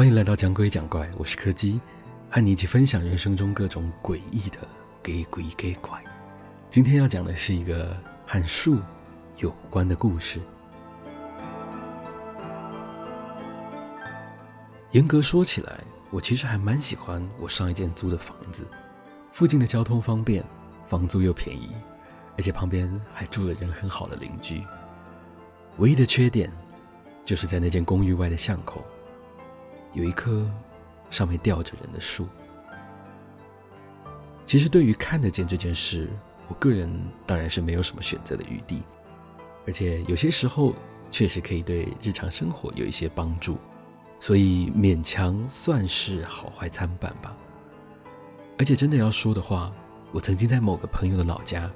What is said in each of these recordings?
歡迎來到講鬼講怪，我是柯基，和你一起分享人生中各種詭異的假鬼假怪。今天要講的是一個和樹有關的故事。嚴格說起來，我其實還蠻喜歡我上一間租的房子，附近的交通方便，房租又便宜，而且旁邊還住了人很好的鄰居。唯一的缺點，就是在那間公寓外的巷口。有一棵上面吊着人的樹。其實對於看得見這件事，我個人當然是沒有什麼選擇的餘地，而且有些時候確實可以對日常生活有一些幫助，所以勉強算是好壞參半吧。而且真的要說的話，我曾經在某個朋友的老家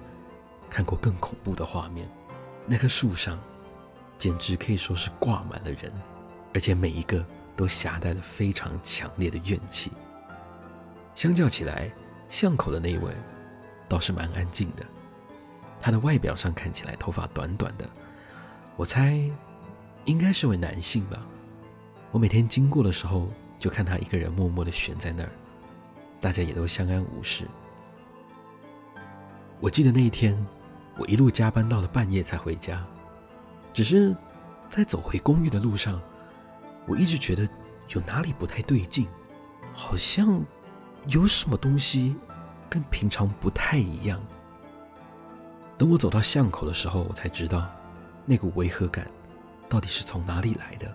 看過更恐怖的畫面，那棵樹上簡直可以說是掛滿了人，而且每一個，都夾帶了非常強烈的怨氣。相較起來，巷口的那位倒是蠻安靜的。他的外表上看起來頭髮短短的，我猜應該是位男性吧。我每天經過的時候，就看他一個人默默地懸在那兒，大家也都相安無事。我記得那一天，我一路加班到了半夜才回家，只是在走回公寓的路上。我一直覺得有哪裡不太對勁，好像有什麼東西跟平常不太一樣。等我走到巷口的時候，我才知道那個違和感到底是從哪裡來的。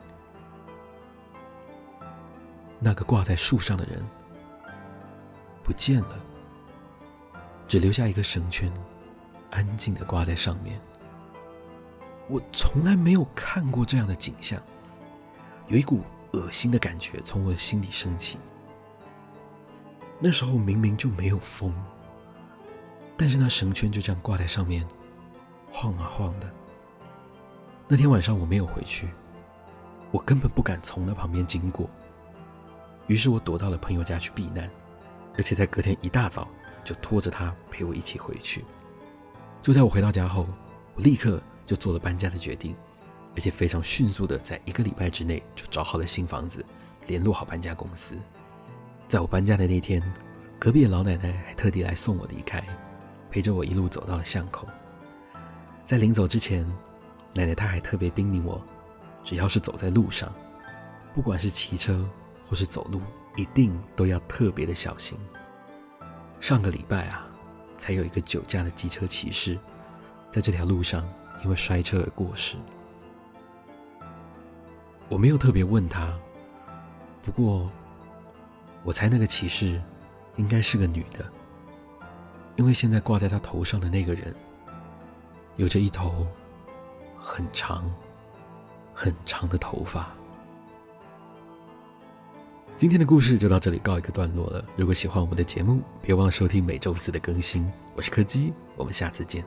那個掛在樹上的人不見了，只留下一個繩圈，安靜地掛在上面。我從來沒有看過這樣的景象。有一股惡心的感覺從我的心裡升起。那時候明明就沒有風，但是那繩圈就這樣掛在上面，晃啊晃的。那天晚上我沒有回去，我根本不敢從那旁邊經過，於是我躲到了朋友家去避難，而且在隔天一大早就拖着他陪我一起回去。就在我回到家後，我立刻就做了搬家的決定。而且非常迅速的，在一個禮拜之內就找好了新房子，聯絡好搬家公司。在我搬家的那天，隔壁的老奶奶還特地來送我離開，陪着我一路走到了巷口。在臨走之前，奶奶她還特別叮嚀我，只要是走在路上，不管是騎車或是走路，一定都要特別的小心。上個禮拜啊，才有一個酒駕的機車騎士，在這條路上因為摔車而過世。我沒有特別問他，不過，我猜那個騎士應該是個女的，因為現在掛在他頭上的那個人有着一頭很長、很長的頭髮。今天的故事就到這裡告一個段落了。如果喜歡我們的節目，別忘了收聽每周四的更新。我是柯基，我們下次見。